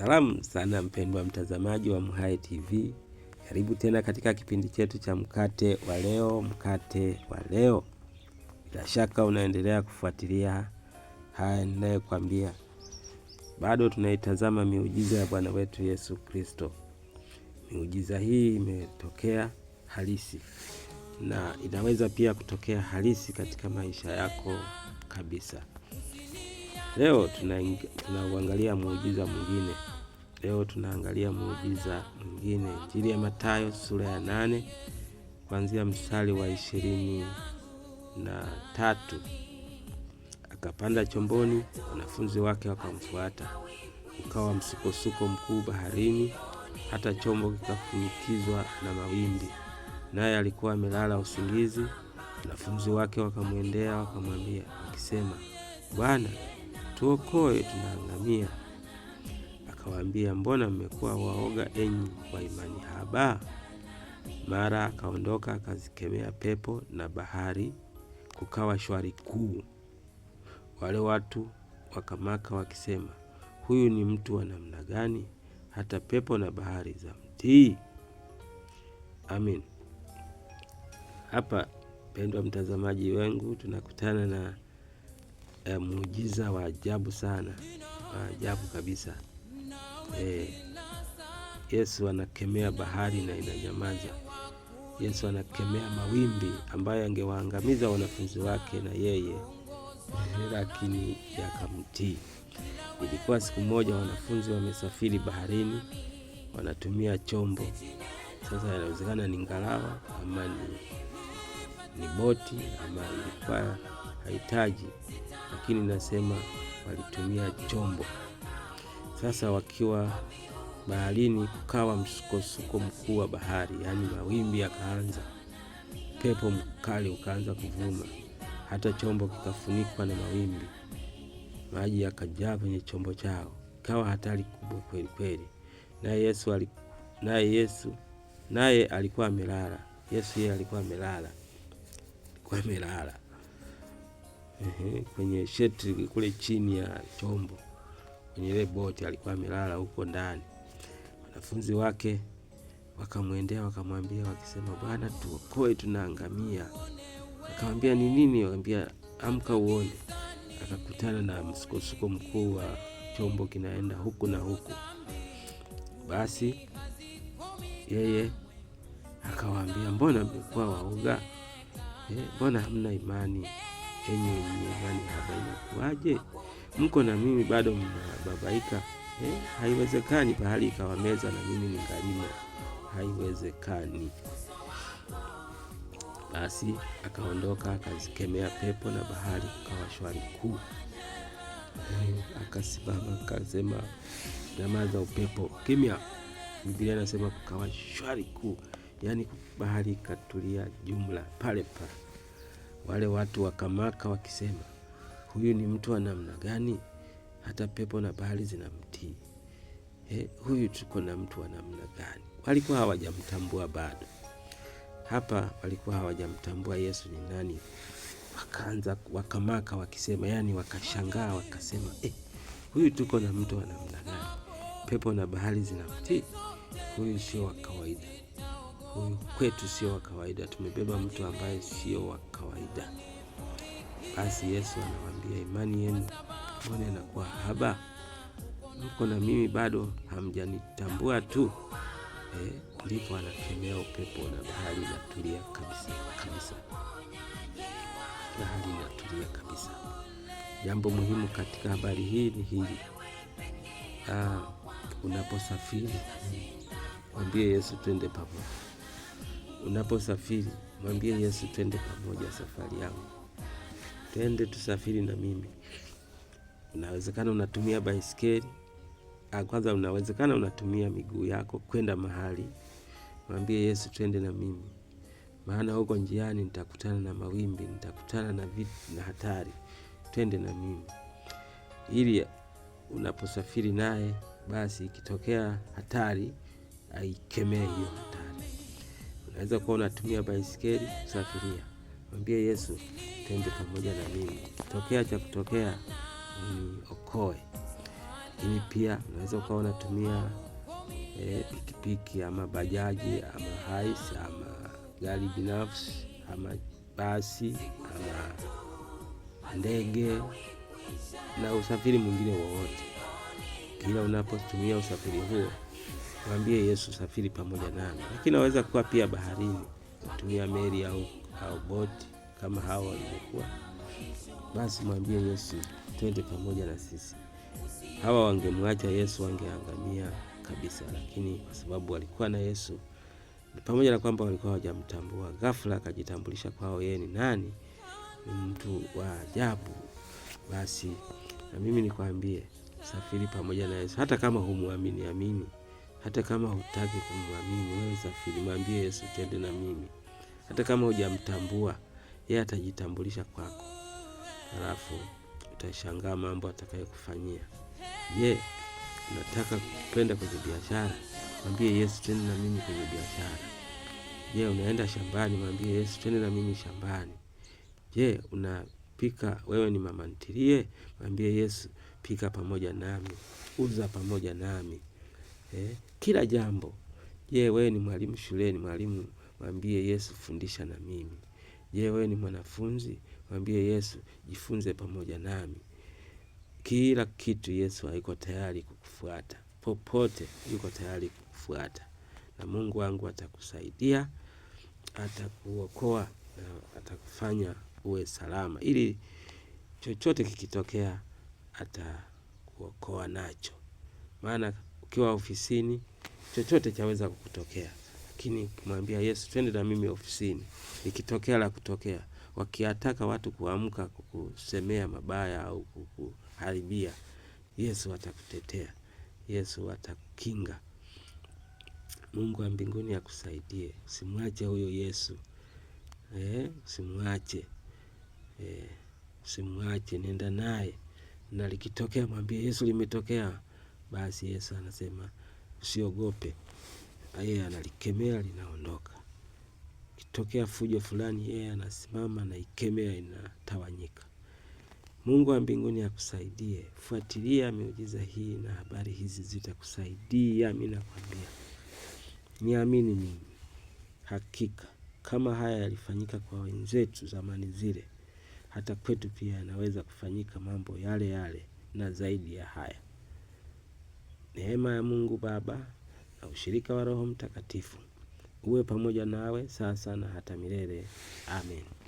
Salamu sana mpendwa mtazamaji wa MHAE TV, karibu tena katika kipindi chetu cha mkate wa leo. Mkate wa leo, bila shaka unaendelea kufuatilia haya ninayokwambia. Bado tunaitazama miujiza ya Bwana wetu Yesu Kristo. Miujiza hii imetokea halisi na inaweza pia kutokea halisi katika maisha yako kabisa. Leo tunauangalia muujiza mwingine. Leo tunaangalia muujiza mwingine, Injili ya Mathayo sura ya nane kuanzia mstari wa ishirini na tatu. Akapanda chomboni, wanafunzi wake wakamfuata. Ukawa msukosuko mkuu baharini, hata chombo kikafunikizwa na mawimbi, naye alikuwa amelala usingizi. Wanafunzi wake wakamwendea wakamwambia wakisema, Bwana tuokoe, tunaangamia. Akawaambia, mbona mmekuwa waoga enyi wa imani haba? Mara akaondoka akazikemea pepo na bahari, kukawa shwari kuu. Wale watu wakamaka wakisema, huyu ni mtu wa namna gani, hata pepo na bahari za mtii? Amin. Hapa mpendwa mtazamaji wangu, tunakutana na e, muujiza wa ajabu sana, wa ajabu kabisa e. Yesu anakemea bahari na inanyamaza. Yesu anakemea mawimbi ambayo angewaangamiza wanafunzi wake na yeye, lakini yakamtii. Ilikuwa siku moja wanafunzi wamesafiri baharini, wanatumia chombo. Sasa inawezekana ni ngalawa ama ni, ni boti ama ilikuwa hahitaji lakini nasema walitumia chombo. Sasa wakiwa baharini, kukawa msukosuko mkuu wa bahari, yaani mawimbi yakaanza, pepo mkali ukaanza kuvuma, hata chombo kikafunikwa na mawimbi, maji yakajaa kwenye chombo chao, ikawa hatari kubwa kweli kweli. Naye Yesu alikuwa naye Yesu naye alikuwa amelala. Yesu yeye alikuwa amelala, alikuwa amelala ehe, kwenye shetri kule chini ya chombo kwenye ile boti, alikuwa amelala huko ndani. Wanafunzi wake wakamwendea wakamwambia wakisema, Bwana tuokoe, tunaangamia. Akamwambia ni nini? Wakamwambia amka uone. Akakutana na msukosuko mkuu wa chombo kinaenda huku na huku. Basi yeye akawaambia, mbona mmekuwa waoga? Eh, mbona hamna imani? enye nyumbani, hapa inakuwaje? Mko na mimi bado mnababaika eh? Haiwezekani pahali ikawa meza na mimi ningalimo, haiwezekani. Basi akaondoka akazikemea pepo na bahari, kukawa shwari kuu. Eh, akasimama akasema, nyamaza upepo, kimya. Biblia anasema kukawa shwari kuu, yaani bahari ikatulia jumla pale pale. Wale watu wakamaka wakisema, huyu ni mtu wa namna gani? Hata pepo na bahari zinamtii. He, huyu tuko na mtu wa namna gani? Walikuwa hawajamtambua bado. Hapa walikuwa hawajamtambua Yesu ni nani. Wakaanza wakamaka wakisema, yani wakashangaa wakasema, eh, huyu tuko na mtu wa namna gani? Pepo na bahari zinamtii, huyu sio wa kawaida huyu kwetu sio wa kawaida, tumebeba mtu ambaye sio wa kawaida. Basi Yesu anawaambia imani yenu mbona inakuwa haba? Mko na mimi bado hamjanitambua tu. Eh, ndipo eh, anakemea upepo na bahari inatulia kabisa kabisa, bahari inatulia kabisa. Jambo muhimu katika habari hii ni hili ah, unaposafiri mwambie Yesu, twende pamoja. Unaposafiri mwambie Yesu, twende pamoja safari yangu, twende tusafiri na mimi. Unawezekana unatumia baisikeli ah, kwanza, unawezekana unatumia miguu yako kwenda mahali. Mwambie Yesu, twende na mimi, maana huko njiani nitakutana na mawimbi, nitakutana na vitu na hatari, twende na mimi, ili unaposafiri naye basi ikitokea hatari aikemee hiyo hatari naweza kuwa unatumia baisikeli kusafiria, mwambie Yesu, tende pamoja na mimi, tokea cha kutokea okoe Lakini pia unaweza ukawa unatumia e, eh, pikipiki ama bajaji ama hais ama gari binafsi ama basi ama ndege na usafiri mwingine wowote. Kila unapotumia usafiri huo mwambie Yesu, safiri pamoja nami. Lakini aweza kuwa pia baharini, kutumia meli au, au boti kama hao walivyokuwa. Basi mwambie Yesu, twende pamoja na sisi. Hawa wangemwacha Yesu wangeangamia kabisa, lakini kwa sababu walikuwa na Yesu, pamoja na kwamba walikuwa hawajamtambua, ghafla akajitambulisha kwao, yeye ni nani? Ni mtu wa ajabu. Basi na mimi nikwambie, safiri pamoja na Yesu hata kama humwamini amini. Hata kama hutaki kumwamini, wewe safiri, mwambie Yesu, twende na mimi. Hata kama hujamtambua yeye, atajitambulisha kwako, halafu utashangaa mambo atakayokufanyia. Je, unataka kwenda kwenye biashara? Mwambie Yesu, twende na mimi kwenye biashara. Je, unaenda shambani? Mwambie Yesu, twende na mimi shambani. Je, unapika wewe ni mama ntilie? Mwambie Yesu, pika pamoja nami, uza pamoja nami eh, kila jambo. Je, wewe ni mwalimu shuleni? Mwalimu, mwambie Yesu, fundisha na mimi. Je, wewe ni mwanafunzi? Mwambie Yesu, jifunze pamoja nami. Kila kitu Yesu aiko tayari kukufuata popote, yuko tayari kukufuata, na Mungu wangu atakusaidia, atakuokoa na atakufanya uwe salama, ili chochote kikitokea atakuokoa nacho, maana ukiwa ofisini, chochote chaweza kukutokea, lakini kumwambia Yesu, twende na mimi ofisini, ikitokea la kutokea. Wakiataka watu kuamka kukusemea mabaya au kukuharibia, Yesu atakutetea, Yesu atakukinga. Mungu wa mbinguni akusaidie, usimwache huyo Yesu eh, usimwache eh, usimwache, nenda naye na likitokea mwambie Yesu, limetokea basi Yesu anasema usiogope, yeye analikemea linaondoka. Kitokea fujo fulani, yeye anasimama na ikemea inatawanyika. Mungu wa mbinguni akusaidie. Fuatilia miujiza hii na habari hizi zitakusaidia. Mimi nakwambia, niamini mimi, hakika kama haya yalifanyika kwa wenzetu zamani zile, hata kwetu pia yanaweza kufanyika mambo yale yale na zaidi ya haya. Neema ya Mungu Baba na ushirika wa Roho Mtakatifu uwe pamoja nawe sasa na hata milele. Amen.